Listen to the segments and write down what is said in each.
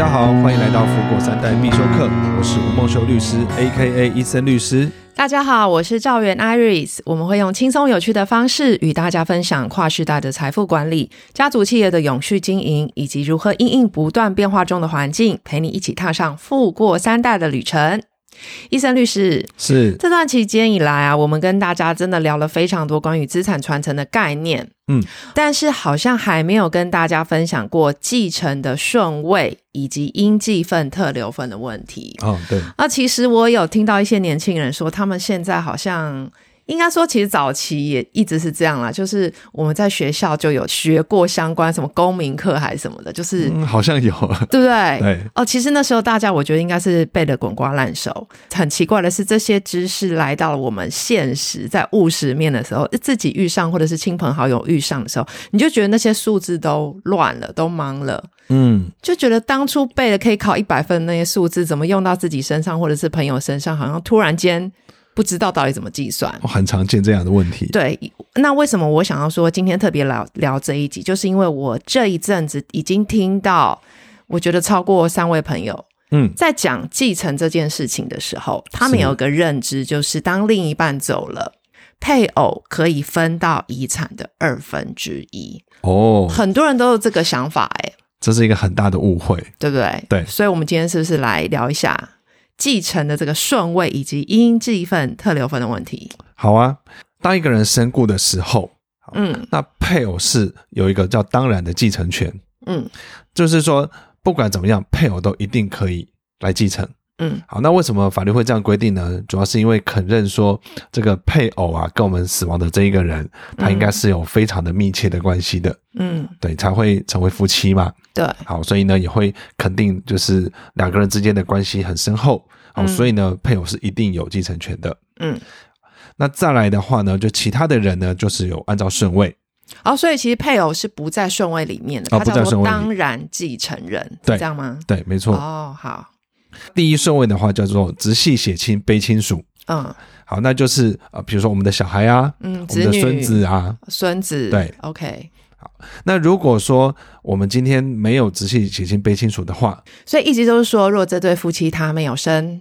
大家好，歡迎來到富過三代必修課。我是吳孟修律師，AKA 伊森律師。大家好，我是趙媛 Iris。我們會用輕鬆有趣的方式與大家分享跨世代的財富管理、家族企業的永續經營，以及如何因應不斷變化中的環境，陪你一起踏上富過三代的旅程。伊森律師是，這段期間以來啊，我們跟大家真的聊了非常多關於資產傳承的概念。嗯，但是好像還沒有跟大家分享過繼承的順位以及應繼分、特留分的問題啊、哦。對，啊，其實我有聽到一些年輕人說，他們現在好像。應該說，其實早期也一直是這樣啦。就是我們在學校就有學過相關什麼公民課還是什麼的，就是、嗯、好像有，對不對？哦，其實那時候大家我覺得應該是背得滾瓜爛熟。很奇怪的是，這些知識來到了我們現實，在務實面的時候，自己遇上或者是親朋好友遇上的時候，你就覺得那些數字都亂了，都忙了，嗯，就覺得當初背的可以考一百分的那些數字，怎麼用到自己身上或者是朋友身上，好像突然間。不知道到底怎麼計算。哦，很常見這樣的問題。對，那為什麼我想要說今天特別聊聊這一集，就是因為我這一陣子已經聽到，我覺得超過三位朋友，嗯，在講繼承這件事情的時候，嗯、他們有個認知，就是當另一半走了，配偶可以分到遺產的二分之一。哦，很多人都有這個想法，誒，這是一個很大的誤會，對不對？對，所以，我們今天是不是來聊一下？繼承的這個順位以及應繼分、特留分的問題。好啊，當一個人身故的時候，嗯，那配偶是有一個叫當然的繼承權，嗯，就是說不管怎麼樣，配偶都一定可以來繼承。嗯，好，那為什麼法律會這樣規定呢？主要是因為肯認說這個配偶啊，跟我們死亡的這一個人，他應該是有非常的密切的關係的。嗯，對，才會成為夫妻嘛。對，好，所以呢，也會肯定就是兩個人之間的關係很深厚。好，所以呢，配偶是一定有繼承權的。嗯，那再來的話呢，就其他的人呢，就是有按照順位。哦，所以其實配偶是不在順位裡面的。哦，他叫做當然繼承人。對、哦、這樣嗎？對，對沒錯。哦，好。第一順位的話叫做直系血親卑親屬。嗯，好，那就是、呃、比如說我們的小孩啊，嗯，子女，我們的孫子啊，孫子。對，OK。好，那如果說我們今天沒有直系血親卑親屬的話，所以一直都是說，如果這對夫妻他沒有生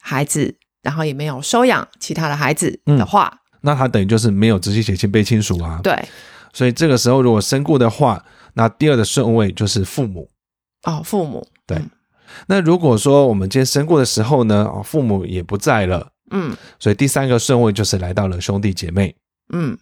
孩子，然後也沒有收養其他的孩子的話，嗯、那他等於就是沒有直系血親卑親屬啊。對，所以這個時候如果身故的話，那第二的順位就是父母。哦，父母。對。那如果說我們今天身故的時候呢，啊，父母也不在了，嗯，所以第三個順位就是來到了兄弟姐妹，嗯。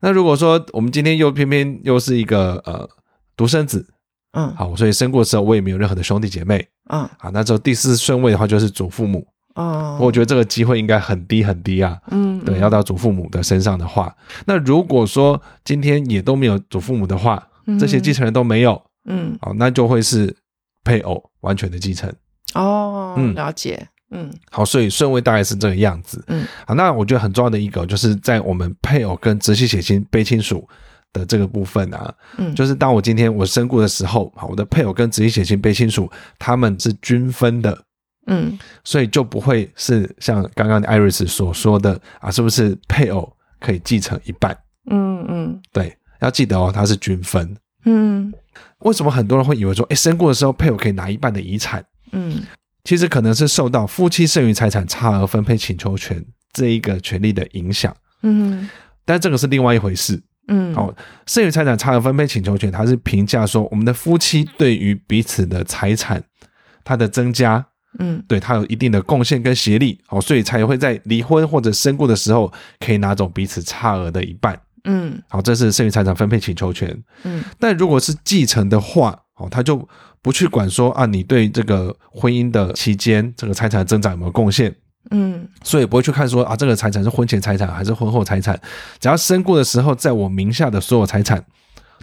那如果說我們今天又偏偏又是一個呃獨生子，嗯，好，所以身故之後我也沒有任何的兄弟姐妹，嗯，好，那之後第四順位的話就是祖父母，啊、嗯，我覺得這個機會應該很低很低啊，嗯，嗯，對，要到祖父母的身上的話，那如果說今天也都沒有祖父母的話，這些繼承人都沒有，嗯，好，那就會是配偶。完全的繼承哦，嗯，了解，嗯，嗯，好，所以順位大概是這個樣子，嗯，好，那我覺得很重要的一個，就是在我們配偶跟直系血親、卑親屬的這個部分啊，嗯，就是當我今天我身故的時候，好，我的配偶跟直系血親、卑親屬他們是均分的，嗯，所以就不會是像剛剛 Iris 所說的啊，是不是配偶可以繼承一半，嗯嗯，對，要記得哦，它是均分。嗯，為什麼很多人會以為說，哎、欸，身故的時候配偶可以拿一半的遺產？嗯，其實可能是受到夫妻剩餘財產差額分配請求權這一個權利的影響。嗯，但這個是另外一回事。嗯，好，剩餘財產差額分配請求權，它是評價說我們的夫妻對於彼此的財產，它的增加，嗯，對它有一定的貢獻跟協力，哦，所以才會在離婚或者身故的時候，可以拿走彼此差額的一半。嗯，好，這是剩餘財產分配請求權。嗯，但如果是繼承的話，哦，他就不去管說啊，你對這個婚姻的期間這個財產的增長有沒有貢獻？嗯，所以不會去看說啊，這個財產是婚前財產還是婚後財產，只要身故的時候在我名下的所有財產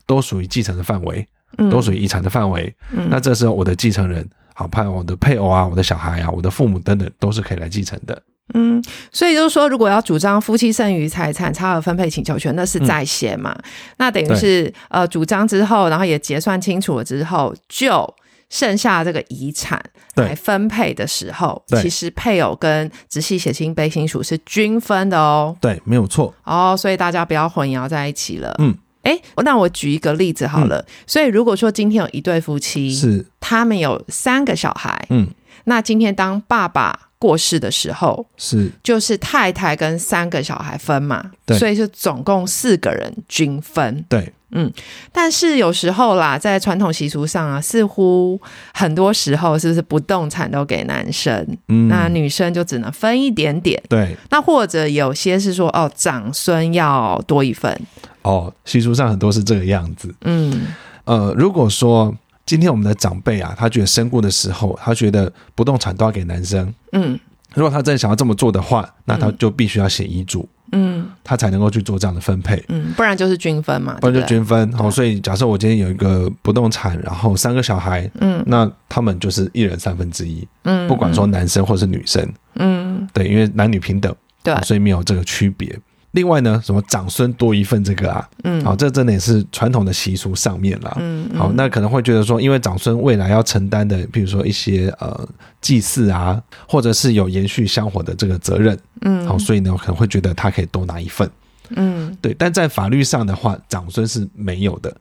都屬於繼承的範圍，都屬於遺產的範圍。嗯，那這時候我的繼承人，好，包括我的配偶啊、我的小孩啊、我的父母等等，都是可以來繼承的。嗯，所以就是說，如果要主張夫妻剩餘財產差額分配請求權，那是在先嘛、嗯？那等於是呃，主張之後，然後也結算清楚了之後，就剩下這個遺產來分配的時候，其實配偶跟直系血親卑親屬是均分的哦、喔。對，沒有錯。哦、oh,，所以大家不要混淆在一起了。嗯，哎、欸，那我舉一個例子好了、嗯。所以如果說今天有一對夫妻，是他們有三個小孩，嗯，那今天當爸爸。過世的時候是就是太太跟三個小孩分嘛，對，所以就總共四個人均分。對，嗯，但是有時候啦，在傳統習俗上啊，似乎很多時候是不是不動產都給男生，嗯，那女生就只能分一點點。對，那或者有些是說哦，長孫要多一份。哦，習俗上很多是這個樣子。嗯，呃，如果說。今天我們的長輩啊，他覺得身故的時候，他覺得不動產都要給男生。嗯，如果他真的想要這麼做的話，那他就必須要寫遺囑。嗯，他才能夠去做這樣的分配。嗯，不然就是均分嘛。不然就均分。好，哦，所以假設我今天有一個不動產，然後三個小孩，嗯，那他們就是一人三分之一。嗯，不管說男生或是女生，嗯，對，因為男女平等，對，所以沒有這個區別。另外呢，什麼長孫多一份這個啊？嗯，好、哦，這真的也是傳統的習俗上面了。嗯，好、嗯哦，那可能會覺得說，因為長孫未來要承擔的，譬如說一些呃祭祀啊，或者是有延續香火的這個責任，嗯，好、哦，所以呢可能會覺得他可以多拿一份。嗯，對，但在法律上的話，長孫是沒有的。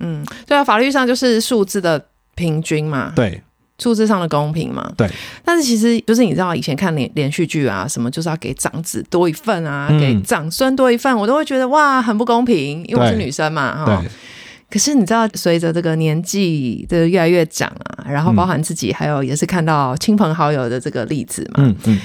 嗯，對啊，法律上就是數字的平均嘛。對。數字上的公平嘛。對。但是其實就是你知道，以前看連連續劇啊，什麼就是要給長子多一份啊，嗯、給長孫多一份，我都會覺得哇，很不公平，因為我是女生嘛，哈、哦。對。可是你知道，隨着這個年紀的越來越長啊，然後包含自己，還有也是看到親朋好友的這個例子嘛，嗯嗯。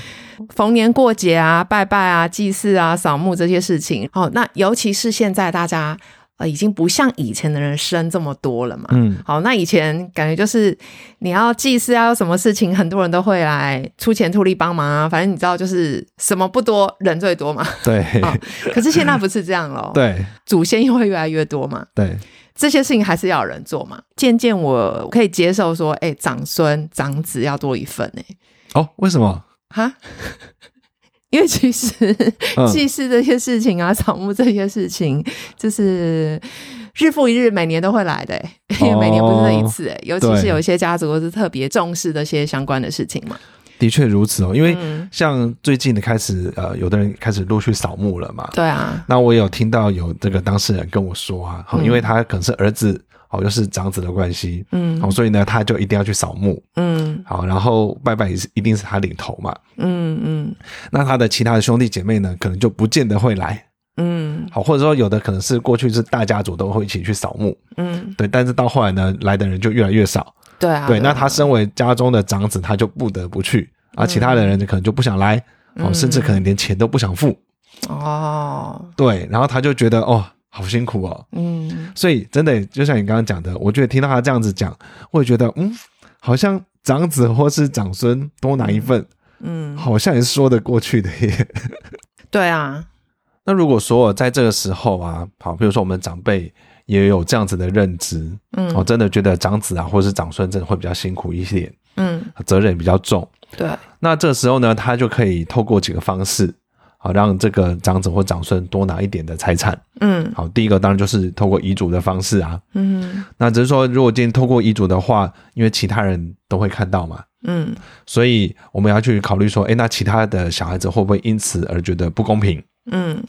逢年過節啊，拜拜啊，祭祀啊，掃墓這些事情，哦，那尤其是現在大家。已經不像以前的人生這麼多了嘛。嗯，好，那以前感覺就是你要祭祀啊，什麼事情，很多人都會來出錢出力幫忙啊。反正你知道，就是什麼不多，人最多嘛。對、哦。可是現在不是這樣嘍。對。祖先又會越來越多嘛。對。這些事情還是要有人做嘛。漸漸我，我可以接受說，哎、欸，長孫長子要多一份、欸、哦，為什麼？哈、啊？因為其實祭祀、嗯、這些事情啊，掃墓這些事情，就是日復一日，每年都會來的、哦，因為每年不是那一次。尤其是有一些家族是特別重視這些相關的事情嘛。的確如此哦，因為像最近的開始，嗯、呃，有的人開始陸續掃墓了嘛。對啊。那我有聽到有這個當事人跟我說啊，因為他可能是兒子。嗯好，就是長子的關係，嗯，好，所以呢，他就一定要去掃墓，嗯，好，然後拜拜也是一定是他領頭嘛，嗯嗯，那他的其他的兄弟姐妹呢，可能就不見得會來，嗯，好，或者說有的可能是過去是大家族都會一起去掃墓，嗯，對，但是到後來呢，來的人就越來越少，嗯、對、對啊、對，那他身為家中的長子，他就不得不去，而、嗯、其他的人可能就不想來、嗯，哦，甚至可能連錢都不想付，哦，對，然後他就覺得哦。好辛苦哦、啊，嗯，所以真的就像你剛剛講的，我覺得聽到他這樣子講，我也覺得嗯，好像長子或是長孫多拿一份嗯，嗯，好像也是說得過去的耶。 對啊，那如果說我在這個時候啊，好，比如說我們長輩也有這樣子的認知，嗯，我真的覺得長子啊或是長孫真的會比較辛苦一些，嗯，責任也比較重。對，那這時候呢，他就可以透過幾個方式。好，讓這個長子或長孫多拿一點的財產。嗯，好，第一個當然就是透過遺囑的方式啊。嗯，那只是說，如果今天透過遺囑的話，因為其他人都會看到嘛。嗯，所以我們要去考慮說，哎，那其他的小孩子會不會因此而覺得不公平？嗯，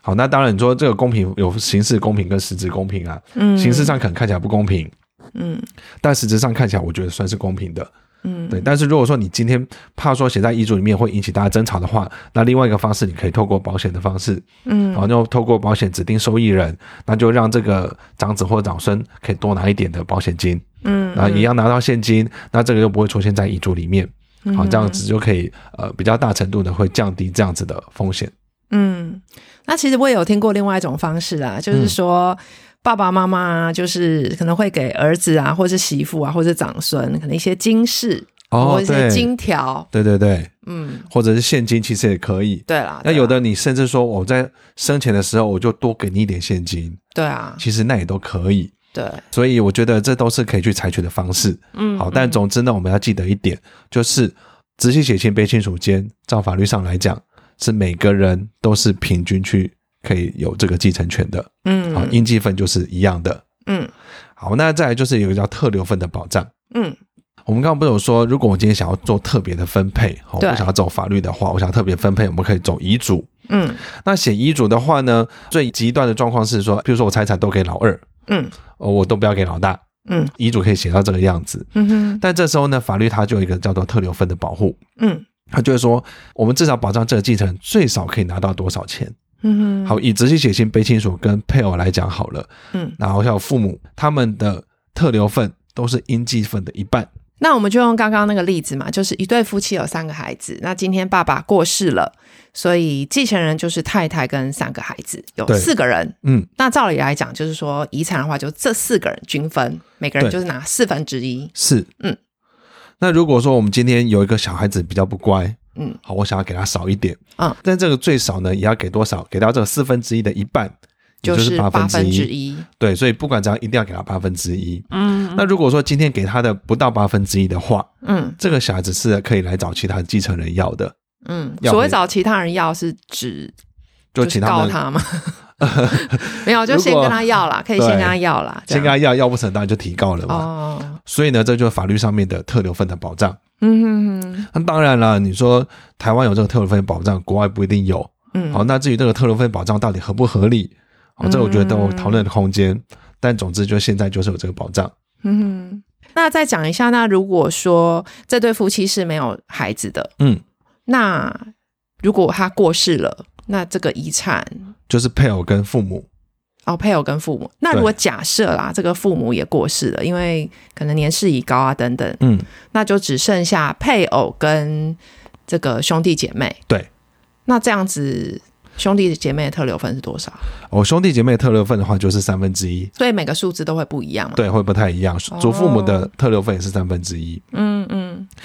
好，那當然你說這個公平有形式公平跟實質公平啊。嗯，形式上可能看起來不公平。嗯，但實質上看起來，我覺得算是公平的。嗯，對，但是如果說你今天怕說寫在遺囑裡面會引起大家爭吵的話，那另外一個方式，你可以透過保險的方式，嗯，然後就透過保險指定受益人，那就讓這個長子或長孫可以多拿一點的保險金，嗯，啊，一樣拿到現金，嗯、那這個就不會出現在遺囑裡面，嗯，好，這樣子就可以呃比較大程度的會降低這樣子的風險。嗯，那其實我也有聽過另外一種方式啦，就是說。嗯爸爸媽媽就是可能會給兒子啊，或是媳婦啊，或者是長孫，可能一些金飾，哦，或者一些金條，對對對，嗯，或者是現金，其實也可以。對啦，那、啊、有的你甚至說我在生前的時候，我就多給你一點現金。對啊，其實那也都可以。對，所以我覺得這都是可以去採取的方式。嗯，好，但總之呢，我們要記得一點，嗯嗯就是“直系血親卑親屬間”，照法律上來講，是每個人都是平均去。可以有這個繼承權的，嗯，嗯，啊，應繼分就是一樣的，嗯，好，那再來就是有一個叫特留分的保障，嗯，我們剛剛不是有說，如果我今天想要做特別的分配，哦、嗯，不想要走法律的話，我想要特別分配，我們可以走遺囑，嗯，那寫遺囑的話呢，最極端的狀況是說，比如說我財產都給老二，嗯，哦，我都不要給老大，嗯，遺囑可以寫到這個樣子，嗯哼，但這時候呢，法律它就有一個叫做特留分的保護，嗯，它就會說，我們至少保障這個繼承最少可以拿到多少錢。嗯哼， 好，以直系血親、卑親屬跟配偶來講好了。嗯，然後像父母他們的特留份都是應繼份的一半。那我們就用剛剛那個例子嘛，就是一對夫妻有三個孩子，那今天爸爸過世了，所以繼承人就是太太跟三個孩子，有四個人。嗯，那照理來講，嗯、就是說遺產的話，就這四個人均分，每個人就是拿四分之一、嗯。是，嗯。那如果說我們今天有一個小孩子比較不乖。嗯，好，我想要給他少一點，嗯，但這個最少呢，也要給多少？給到這個四分之一的一半，就是八分之一。對，所以不管怎樣，一定要給他八分之一。嗯，那如果說今天給他的不到八分之一的話，嗯，這個小孩子是可以來找其他繼承人要的。嗯，所謂找其他人要，是指就提告他嗎？他 沒有，就先跟他要啦，可以先跟他要啦，先跟他要，要不成當然就提告了嘛、哦。所以呢，這就是法律上面的特留份的保障。嗯哼哼，哼，那當然了。你說台灣有這個特留份保障，國外不一定有。嗯，好，哦，那至於這個特留份保障到底合不合理，好，嗯哦，這我覺得都有討論的空間。但總之，就現在就是有這個保障。嗯，哼，那再講一下，那如果說這對夫妻是沒有孩子的，嗯，那如果他過世了，那這個遺產就是配偶跟父母。哦，配偶跟父母。那如果假設啦，這個父母也過世了，因為可能年事已高啊等等，嗯，那就只剩下配偶跟這個兄弟姐妹。對，那這樣子。兄弟姐妹的特留分是多少？我、哦、兄弟姐妹的特留分的話就是三分之一，所以每個數字都會不一樣嘛？對，會不太一樣。祖父母的特留分也是三分之一。哦、嗯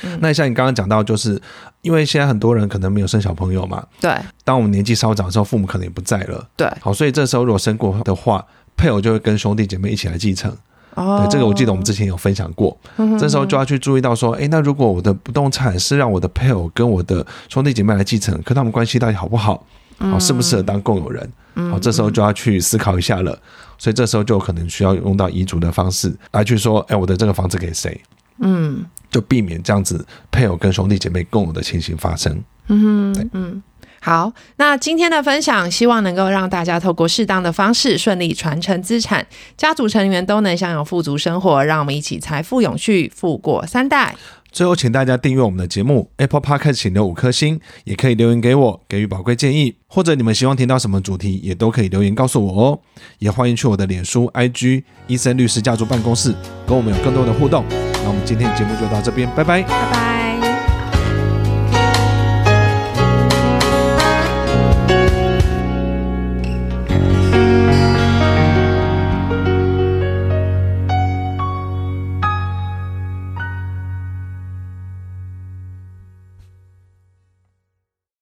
嗯。那像你剛剛講到，就是因為現在很多人可能沒有生小朋友嘛。對。當我們年紀稍長的時候，父母可能也不在了。對。好，所以這時候如果生過的話，配偶就會跟兄弟姐妹一起來繼承。哦。對，這個我記得我們之前有分享過。嗯嗯嗯。這時候就要去注意到說，哎，那如果我的不動產是讓我的配偶跟我的兄弟姐妹來繼承，可他們關係到底好不好？好、哦，適不適合當共有人？好、嗯，哦，這時候就要去思考一下了，嗯。所以這時候就可能需要用到遺囑的方式來去說，哎，我的這個房子給誰？嗯，就避免這樣子配偶跟兄弟姐妹共有的情形發生。嗯嗯，對，好。那今天的分享，希望能夠讓大家透過適當的方式順利傳承資產，家族成員都能享有富足生活。讓我們一起財富永續，富過三代。最後，請大家訂閱我們的節目，Apple Podcast 請留五顆星，也可以留言給我，給予寶貴建議，或者你們希望聽到什麼主題，也都可以留言告訴我哦。也歡迎去我的臉書 IG 伊森律師家族辦公室，跟我們有更多的互動。那我們今天的節目就到這邊，拜拜。拜拜。